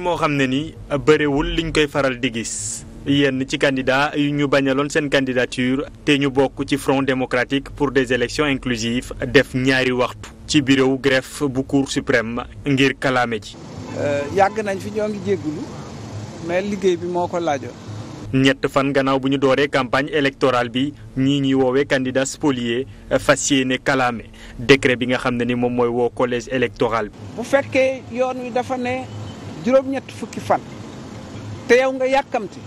moo xam ne ni li ñu koy faral di gis yenn ci candidat yu ñu bañaloon seen candidature te ñu bokk ci front démocratique pour des élections inclusives def ñaari waxtu ci bureau greffe bu cour suprême ngir kalaame ji. Euh, yàgg nañ fi ñoo ngi jéggulu mais liggéey bi moo ko laajoon. ñett fan gannaaw bu ñu dooree campagne électorale bi ñii ñuy woowee candidat spolier fas yéene kalaame décret bi nga xam ne ni moom mooy woo collège électoral bi. bu fekkee juróom-ñett fukki fan te yow nga yàkkamti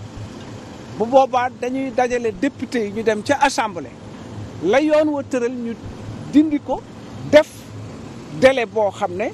bu boobaa dañuy dajale député yi ñu dem ca assemblée la yoon wa tëral ñu dindi ko def délai boo xam ne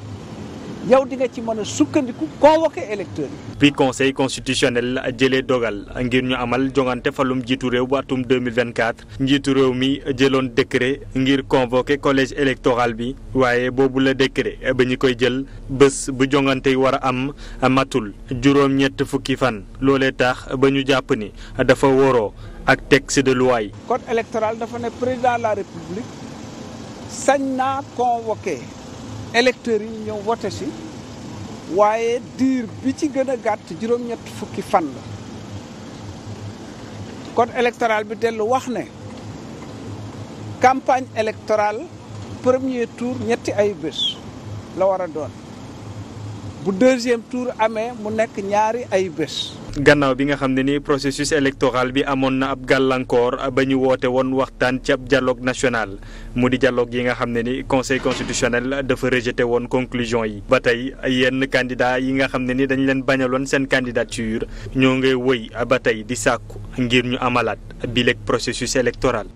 yow di nga ci mën a sukkandiku convoqué électeurs yi. bi conseil constitutionnel jëlee dogal ngir ñu amal jongante falum njiitu réew bu atum 2024 njiitu réew mi jëloon décret ngir convoqué collège électoral bi waaye boobu la décret ba ñu koy jël bés bu jongante yi war a am matul juróom-ñett fukki fan loolee tax ba ñu jàpp ni dafa wóoroo ak texte de loi yi. code électoral dafa ne président la république sañ naa convoqué. électeurs yi ñu ñëw wote si waaye diir bi ci gën a gàtt juróom-ñett fukki fan la code électoral bi dellu wax ne campagne électorale premier tour ñetti ay bés la war a doon bu deuxième tour amee mu nekk ñaari ay bés gannaaw bi nga xam ne ni processus électoral bi amoon na ab gàllankoor ba ñu woote woon waxtaan ci ab dialogue national mu di jaloog yi nga xam ne ni conseil constitutionnel dafa rejeté woon conclusion yi. ba tey yenn candidat yi nga xam ne ni dañu leen bañaloon seen candidature ñoo ngay woy ba tey di sàkku ngir ñu amalaat bileeg processus électoral.